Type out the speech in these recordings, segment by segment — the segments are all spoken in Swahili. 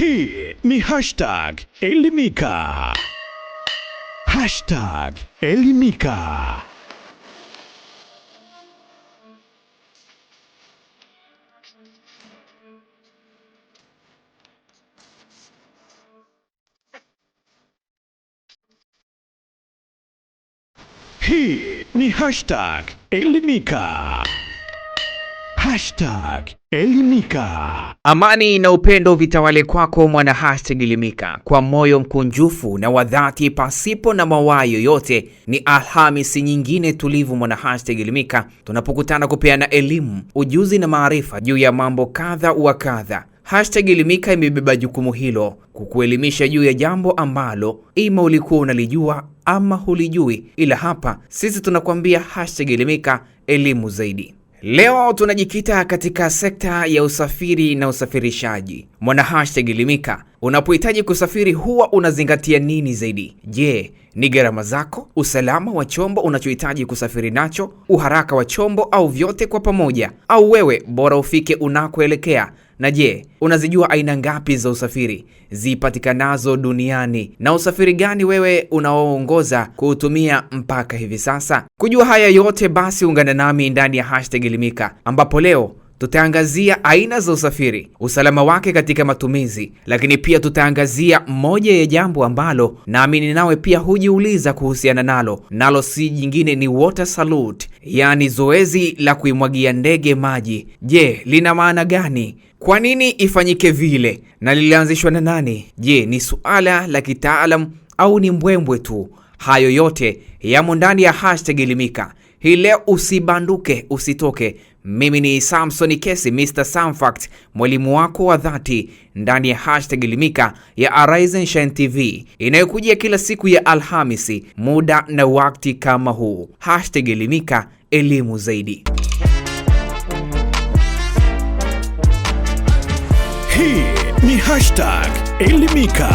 Hii ni hashtag Elimika. Hashtag Elimika. Hii ni hashtag Elimika. Hashtag Elimika. Amani na upendo vitawale kwako mwana hashtag Elimika, kwa moyo mkunjufu na wa dhati pasipo na mawaa yoyote. Ni Alhamisi nyingine tulivu mwana hashtag Elimika, tunapokutana kupeana elimu, ujuzi na maarifa juu ya mambo kadha wa kadha. Hashtag Elimika imebeba jukumu hilo kukuelimisha juu ya jambo ambalo ima ulikuwa unalijua ama hulijui, ila hapa sisi tunakuambia hashtag Elimika, elimu zaidi. Leo tunajikita katika sekta ya usafiri na usafirishaji. Mwana hashtag Limika, unapohitaji kusafiri huwa unazingatia nini zaidi? Je, ni gharama zako, usalama wa chombo unachohitaji kusafiri nacho, uharaka wa chombo, au vyote kwa pamoja? Au wewe bora ufike unakoelekea na je, unazijua aina ngapi za usafiri zipatikanazo duniani na usafiri gani wewe unaoongoza kuutumia mpaka hivi sasa? Kujua haya yote basi, ungana nami ndani ya hashtag Elimika ambapo leo Tutaangazia aina za usafiri, usalama wake katika matumizi, lakini pia tutaangazia moja ya jambo ambalo naamini nawe pia hujiuliza kuhusiana nalo, nalo si jingine ni water salute, yaani zoezi la kuimwagia ndege maji. Je, lina maana gani? Kwa nini ifanyike vile, na lilianzishwa na nani? Je, ni suala la kitaalamu au ni mbwembwe tu? Hayo yote yamo ndani ya hashtag Elimika. Hii leo usibanduke, usitoke. Mimi ni Samson Kesi, Mr Samfact, mwalimu wako wa dhati ndani ya hashtag Elimika ya Arise and Shine TV inayokujia kila siku ya Alhamisi muda na wakati kama huu. Hashtag Elimika, elimu zaidi. Hii ni hashtag Elimika,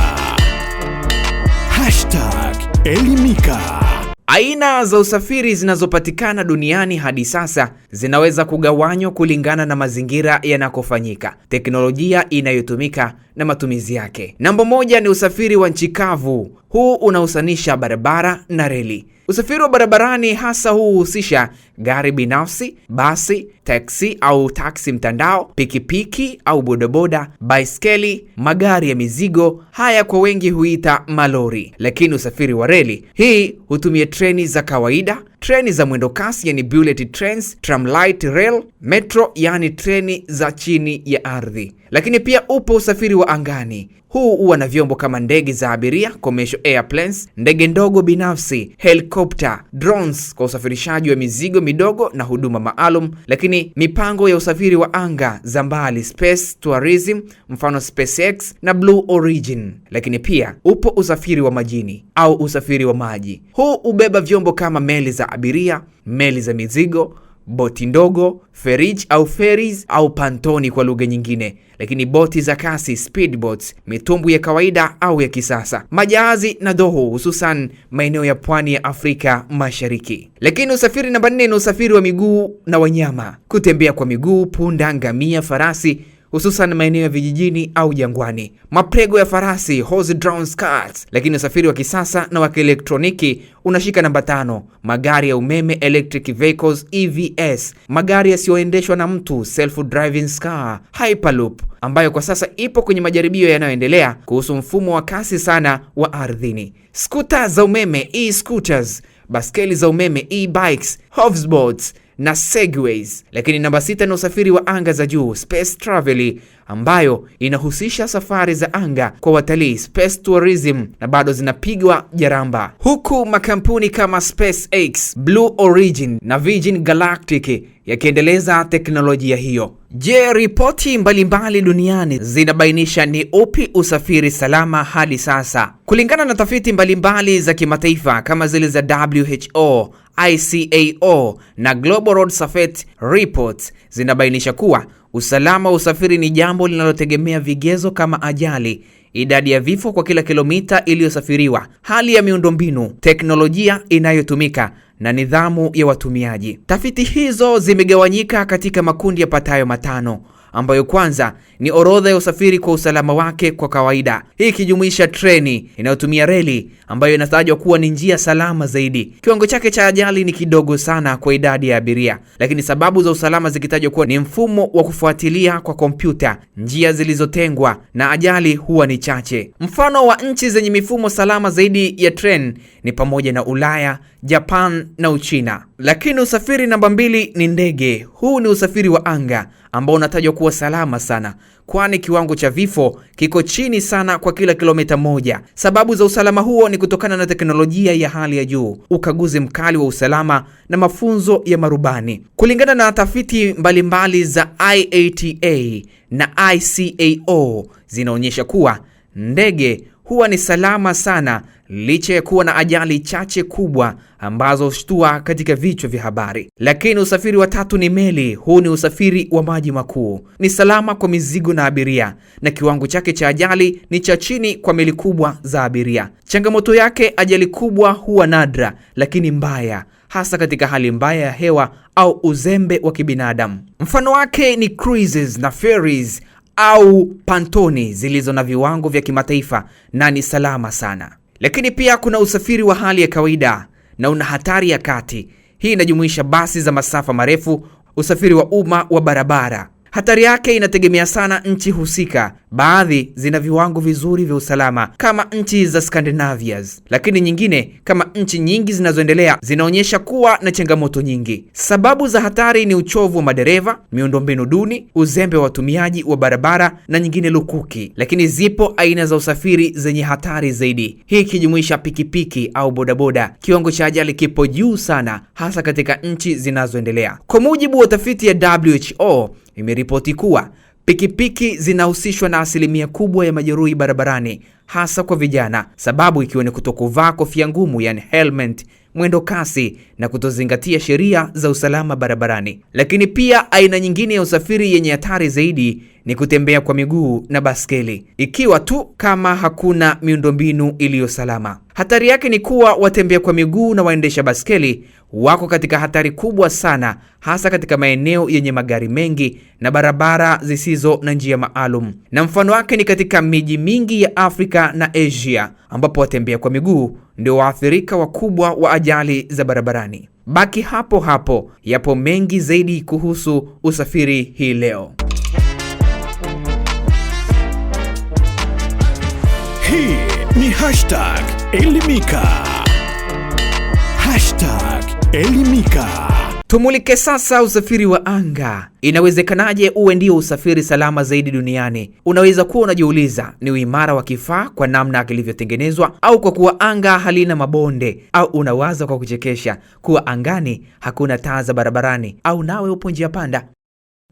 hashtag Elimika. Aina za usafiri zinazopatikana duniani hadi sasa zinaweza kugawanywa kulingana na mazingira yanakofanyika, teknolojia inayotumika na matumizi yake. Namba moja ni usafiri wa nchi kavu. Huu unahusanisha barabara na reli. Usafiri wa barabarani hasa huu huhusisha gari binafsi, basi, taksi au taksi mtandao, pikipiki au bodaboda, baiskeli, magari ya mizigo, haya kwa wengi huita malori. Lakini usafiri wa reli hii hutumia treni za kawaida treni za mwendo kasi yani bullet trains, tramlight rail, metro yani treni za chini ya ardhi. Lakini pia upo usafiri wa angani. Huu huwa na vyombo kama ndege za abiria commercial airplanes, ndege ndogo binafsi, helicopter drones kwa usafirishaji wa mizigo midogo na huduma maalum, lakini mipango ya usafiri wa anga za mbali, space tourism, mfano SpaceX na Blue Origin. Lakini pia upo usafiri wa majini au usafiri wa maji. Huu hubeba vyombo kama meli za abiria, meli za mizigo boti ndogo, ferich au ferries au pantoni kwa lugha nyingine, lakini boti za kasi speedboats, mitumbu ya kawaida au ya kisasa, majahazi na dhoho, hususan maeneo ya pwani ya Afrika Mashariki. Lakini usafiri namba nne ni usafiri wa miguu na wanyama, kutembea kwa miguu, punda, ngamia, farasi hususan maeneo ya vijijini au jangwani. Maprego ya farasi horse drawn carts, lakini usafiri wa kisasa na wa kielektroniki unashika namba tano. Magari ya umeme electric vehicles EVs, magari yasiyoendeshwa na mtu self driving car, hyperloop ambayo kwa sasa ipo kwenye majaribio yanayoendelea kuhusu mfumo wa kasi sana wa ardhini, skuta za umeme e-scooters, baskeli za umeme e-bikes, hoverboards na segways. Lakini namba sita ni usafiri wa anga za juu, space travel ambayo inahusisha safari za anga kwa watalii, space tourism, na bado zinapigwa jaramba, huku makampuni kama SpaceX, Blue Origin na Virgin Galactic yakiendeleza teknolojia hiyo. Je, ripoti mbalimbali duniani zinabainisha ni upi usafiri salama hadi sasa? Kulingana na tafiti mbalimbali za kimataifa kama zile za WHO, ICAO na Global Road Safety Report zinabainisha kuwa Usalama wa usafiri ni jambo linalotegemea vigezo kama ajali, idadi ya vifo kwa kila kilomita iliyosafiriwa, hali ya miundombinu, teknolojia inayotumika na nidhamu ya watumiaji. Tafiti hizo zimegawanyika katika makundi yapatayo matano ambayo kwanza ni orodha ya usafiri kwa usalama wake kwa kawaida, hii ikijumuisha treni inayotumia reli ambayo inatajwa kuwa ni njia salama zaidi. Kiwango chake cha ajali ni kidogo sana kwa idadi ya abiria, lakini sababu za usalama zikitajwa kuwa ni mfumo wa kufuatilia kwa kompyuta, njia zilizotengwa na ajali huwa ni chache. Mfano wa nchi zenye mifumo salama zaidi ya treni ni pamoja na Ulaya, Japan na Uchina. Lakini usafiri namba mbili ni ndege. Huu ni usafiri wa anga ambao unatajwa kuwa salama sana, kwani kiwango cha vifo kiko chini sana kwa kila kilomita moja. Sababu za usalama huo ni kutokana na teknolojia ya hali ya juu, ukaguzi mkali wa usalama na mafunzo ya marubani. Kulingana na tafiti mbalimbali mbali za IATA na ICAO zinaonyesha kuwa ndege huwa ni salama sana licha ya kuwa na ajali chache kubwa ambazo hushtua katika vichwa vya habari. Lakini usafiri wa tatu ni meli. Huu ni usafiri wa maji makuu, ni salama kwa mizigo na abiria, na kiwango chake cha ajali ni cha chini kwa meli kubwa za abiria. Changamoto yake, ajali kubwa huwa nadra lakini mbaya, hasa katika hali mbaya ya hewa au uzembe wa kibinadamu. Mfano wake ni cruises na ferries au pantoni zilizo na viwango vya kimataifa na ni salama sana, lakini pia kuna usafiri wa hali ya kawaida na una hatari ya kati. Hii inajumuisha basi za masafa marefu, usafiri wa umma wa barabara Hatari yake inategemea sana nchi husika. Baadhi zina viwango vizuri vya usalama kama nchi za Scandinavias, lakini nyingine kama nchi nyingi zinazoendelea zinaonyesha kuwa na changamoto nyingi. Sababu za hatari ni uchovu wa madereva, miundombinu duni, uzembe wa watumiaji wa barabara na nyingine lukuki. Lakini zipo aina za usafiri zenye hatari zaidi, hii ikijumuisha pikipiki au bodaboda. Kiwango cha ajali kipo juu sana, hasa katika nchi zinazoendelea. Kwa mujibu wa tafiti ya WHO, imeripoti kuwa pikipiki zinahusishwa na asilimia kubwa ya majeruhi barabarani, hasa kwa vijana, sababu ikiwa ni kutokuvaa kofia ngumu, yani helmet, mwendo kasi na kutozingatia sheria za usalama barabarani. Lakini pia aina nyingine ya usafiri yenye hatari zaidi ni kutembea kwa miguu na baskeli, ikiwa tu kama hakuna miundombinu iliyo salama. Hatari yake ni kuwa watembea kwa miguu na waendesha baskeli wako katika hatari kubwa sana, hasa katika maeneo yenye magari mengi na barabara zisizo na njia maalum. Na mfano wake ni katika miji mingi ya Afrika na Asia, ambapo watembea kwa miguu ndio waathirika wakubwa wa ajali za barabarani. Baki hapo hapo, yapo mengi zaidi kuhusu usafiri hii leo. Hii ni hashtag Elimika, hashtag Elimika. Tumulike sasa usafiri wa anga. Inawezekanaje uwe ndio usafiri salama zaidi duniani? Unaweza kuwa unajiuliza ni uimara wa kifaa kwa namna kilivyotengenezwa, au kwa kuwa anga halina mabonde, au unawaza kwa kuchekesha kuwa angani hakuna taa za barabarani, au nawe upo njia panda.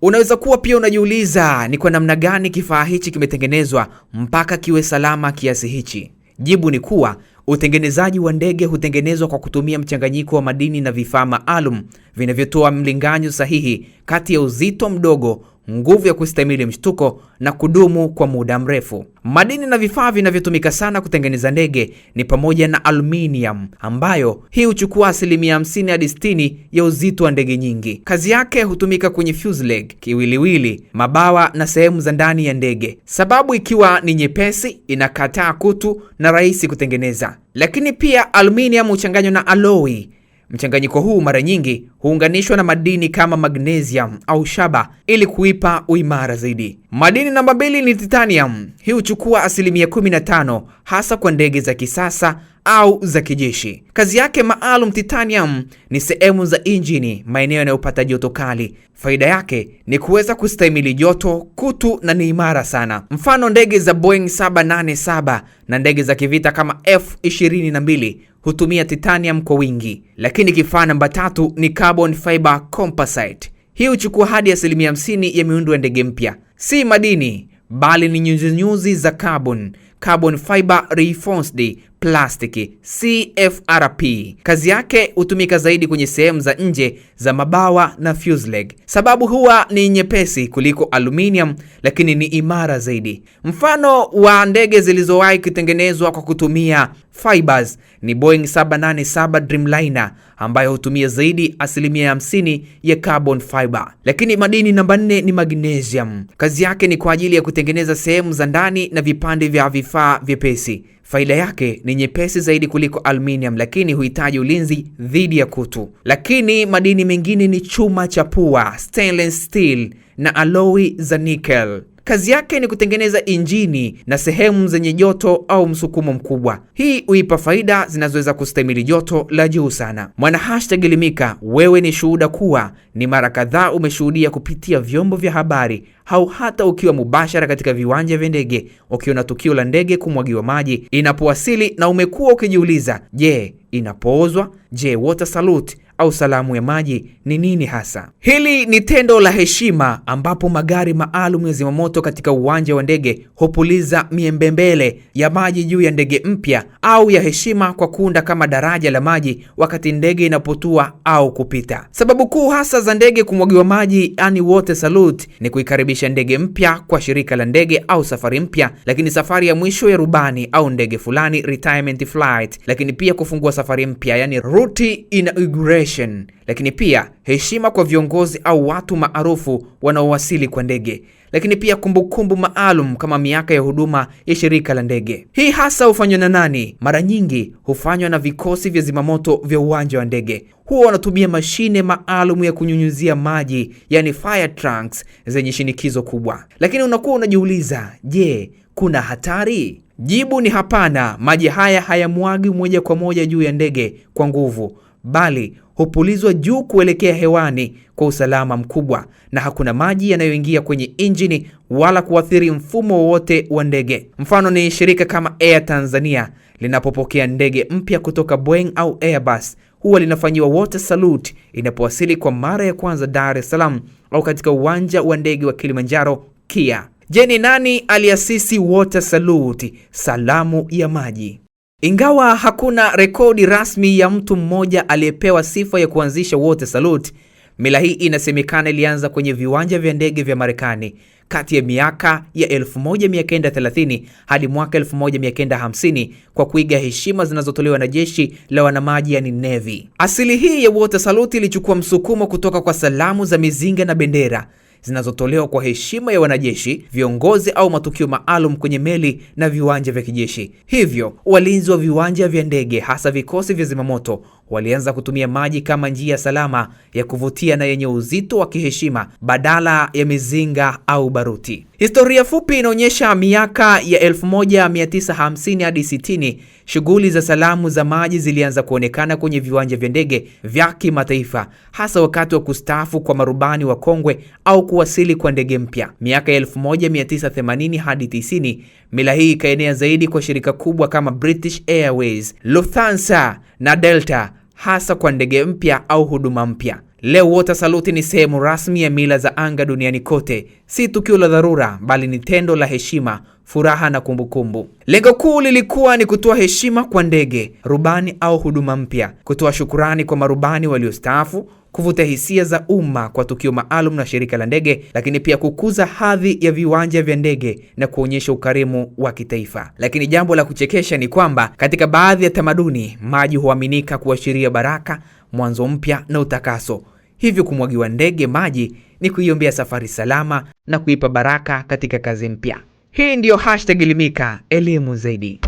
Unaweza kuwa pia unajiuliza ni kwa namna gani kifaa hichi kimetengenezwa mpaka kiwe salama kiasi hichi. Jibu ni kuwa utengenezaji wa ndege hutengenezwa kwa kutumia mchanganyiko wa madini na vifaa maalum vinavyotoa mlinganyo sahihi kati ya uzito mdogo nguvu ya kustahimili mshtuko na kudumu kwa muda mrefu. Madini na vifaa vinavyotumika sana kutengeneza ndege ni pamoja na aluminium, ambayo hii huchukua asilimia 50 hadi 60 ya uzito wa ndege nyingi. Kazi yake hutumika kwenye fuselage, kiwiliwili, mabawa na sehemu za ndani ya ndege, sababu ikiwa ni nyepesi, inakataa kutu na rahisi kutengeneza. Lakini pia aluminium huchanganywa na aloi Mchanganyiko huu mara nyingi huunganishwa na madini kama magnesium au shaba ili kuipa uimara zaidi. Madini namba mbili ni titanium. Hii huchukua asilimia 15 hasa kwa ndege za kisasa au za kijeshi. Kazi yake maalum titanium ni sehemu za injini, maeneo yanayopata joto kali. Faida yake ni kuweza kustahimili joto, kutu na ni imara sana. Mfano, ndege za Boeing 787 na ndege za kivita kama F22 hutumia titanium kwa wingi. Lakini kifaa namba tatu ni carbon fiber composite. Hii huchukua hadi asilimia 50 ya miundo ya ndege mpya. Si madini bali ni nyuzinyuzi za carbon, carbon fiber reinforced plastiki CFRP. Kazi yake hutumika zaidi kwenye sehemu za nje za mabawa na fuselage. Sababu huwa ni nyepesi kuliko aluminium, lakini ni imara zaidi. Mfano wa ndege zilizowahi kutengenezwa kwa kutumia Fibers ni Boeing 787 Dreamliner ambayo hutumia zaidi asilimia 50 ya carbon fiber. Lakini madini namba nne ni magnesium. Kazi yake ni kwa ajili ya kutengeneza sehemu za ndani na vipande vya vifaa vyepesi. Faida yake ni nyepesi zaidi kuliko aluminium, lakini huhitaji ulinzi dhidi ya kutu. Lakini madini mengine ni chuma cha pua, stainless steel na aloi za nickel. Kazi yake ni kutengeneza injini na sehemu zenye joto au msukumo mkubwa. Hii huipa faida zinazoweza kustahimili joto la juu sana. Mwana hashtag Elimika, wewe ni shuhuda kuwa ni mara kadhaa umeshuhudia kupitia vyombo vya habari au hata ukiwa mubashara katika viwanja vya ndege ukiona tukio la ndege kumwagiwa maji inapowasili, na umekuwa ukijiuliza, je, inapoozwa? Je, water salute au salamu ya maji ni nini hasa? Hili ni tendo la heshima ambapo magari maalum ya zimamoto katika uwanja wa ndege hupuliza miembembele ya maji juu ya ndege mpya au ya heshima kwa kuunda kama daraja la maji wakati ndege inapotua au kupita. Sababu kuu hasa za ndege kumwagiwa maji, yani water salute, ni kuikaribisha ndege mpya kwa shirika la ndege au safari mpya, lakini safari ya mwisho ya rubani au ndege fulani, retirement flight, lakini pia kufungua safari mpya, yani ruti inauguration Aviation, lakini pia heshima kwa viongozi au watu maarufu wanaowasili kwa ndege, lakini pia kumbukumbu maalum kama miaka ya huduma ya shirika la ndege. Hii hasa hufanywa na nani? Mara nyingi hufanywa na vikosi vya zimamoto vya uwanja wa ndege. Huwa wanatumia mashine maalum ya kunyunyuzia maji, yani fire trucks zenye shinikizo kubwa. Lakini unakuwa unajiuliza, je, kuna hatari? Jibu ni hapana. Maji haya hayamwagi moja kwa moja juu ya ndege kwa nguvu, bali hupulizwa juu kuelekea hewani kwa usalama mkubwa, na hakuna maji yanayoingia kwenye injini wala kuathiri mfumo wowote wa ndege. Mfano ni shirika kama Air Tanzania linapopokea ndege mpya kutoka Boeing au Airbus huwa linafanyiwa water salute inapowasili kwa mara ya kwanza Dar es Salaam au katika uwanja wa ndege wa Kilimanjaro KIA. Je, ni nani aliasisi water salute, salamu ya maji? Ingawa hakuna rekodi rasmi ya mtu mmoja aliyepewa sifa ya kuanzisha Water Salute, mila hii inasemekana ilianza kwenye viwanja vya ndege vya Marekani kati ya miaka ya 1930 hadi mwaka 1950 kwa kuiga heshima zinazotolewa na jeshi la wanamaji yani Navy. Asili hii ya Water Salute ilichukua msukumo kutoka kwa salamu za mizinga na bendera zinazotolewa kwa heshima ya wanajeshi, viongozi au matukio maalum kwenye meli na viwanja vya kijeshi. Hivyo walinzi wa viwanja vya ndege, hasa vikosi vya zimamoto, walianza kutumia maji kama njia salama ya kuvutia na yenye uzito wa kiheshima badala ya mizinga au baruti. Historia fupi inaonyesha miaka ya 1950 hadi 60, shughuli za salamu za maji zilianza kuonekana kwenye viwanja vya ndege vya kimataifa, hasa wakati wa kustaafu kwa marubani wa kongwe au kuwasili kwa ndege mpya. Miaka ya 1980 hadi 90, mila hii ikaenea zaidi kwa shirika kubwa kama British Airways, Lufthansa na Delta hasa kwa ndege mpya au huduma mpya. Leo water saluti ni sehemu rasmi ya mila za anga duniani kote, si tukio la dharura, bali ni tendo la heshima, furaha na kumbukumbu. Lengo kuu lilikuwa ni kutoa heshima kwa ndege, rubani au huduma mpya, kutoa shukurani kwa marubani waliostaafu kuvuta hisia za umma kwa tukio maalum na shirika la ndege, lakini pia kukuza hadhi ya viwanja vya ndege na kuonyesha ukarimu wa kitaifa. Lakini jambo la kuchekesha ni kwamba katika baadhi ya tamaduni maji huaminika kuashiria baraka, mwanzo mpya na utakaso, hivyo kumwagiwa ndege maji ni kuiombea safari salama na kuipa baraka katika kazi mpya. Hii ndiyo hashtag Elimika, elimu zaidi.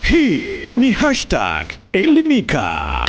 Hii ni hashtag Elimika.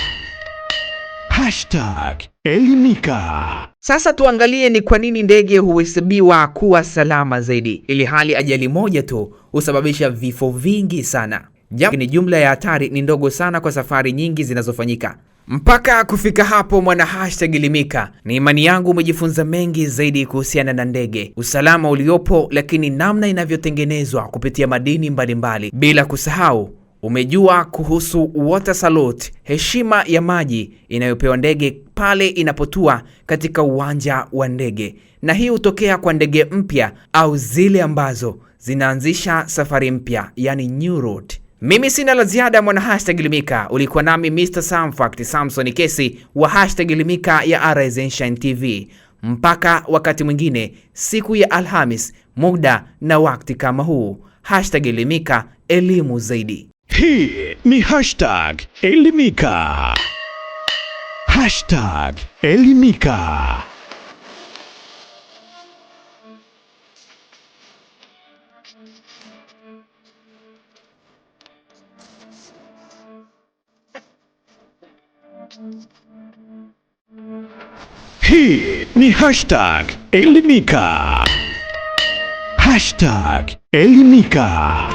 Hashtag Elimika. Sasa tuangalie ni kwa nini ndege huhesabiwa kuwa salama zaidi, ili hali ajali moja tu husababisha vifo vingi sana, japo ni jumla ya hatari ni ndogo sana kwa safari nyingi zinazofanyika. Mpaka kufika hapo, mwana hashtag Elimika, ni imani yangu umejifunza mengi zaidi kuhusiana na ndege, usalama uliopo, lakini namna inavyotengenezwa kupitia madini mbalimbali mbali, bila kusahau Umejua kuhusu water salute, heshima ya maji inayopewa ndege pale inapotua katika uwanja wa ndege, na hii hutokea kwa ndege mpya au zile ambazo zinaanzisha safari mpya, yani new route. Mimi sina la ziada, mwana hashtag limika Ulikuwa nami Mr Samfact Samson Kesi wa hashtag limika ya Shine TV. Mpaka wakati mwingine, siku ya Alhamis, muda na wakati kama huu. Hashtag limika elimu zaidi. Hey, me hashtag Elimika. Hashtag Elimika. Hey, me hashtag Elimika. Hashtag Elimika.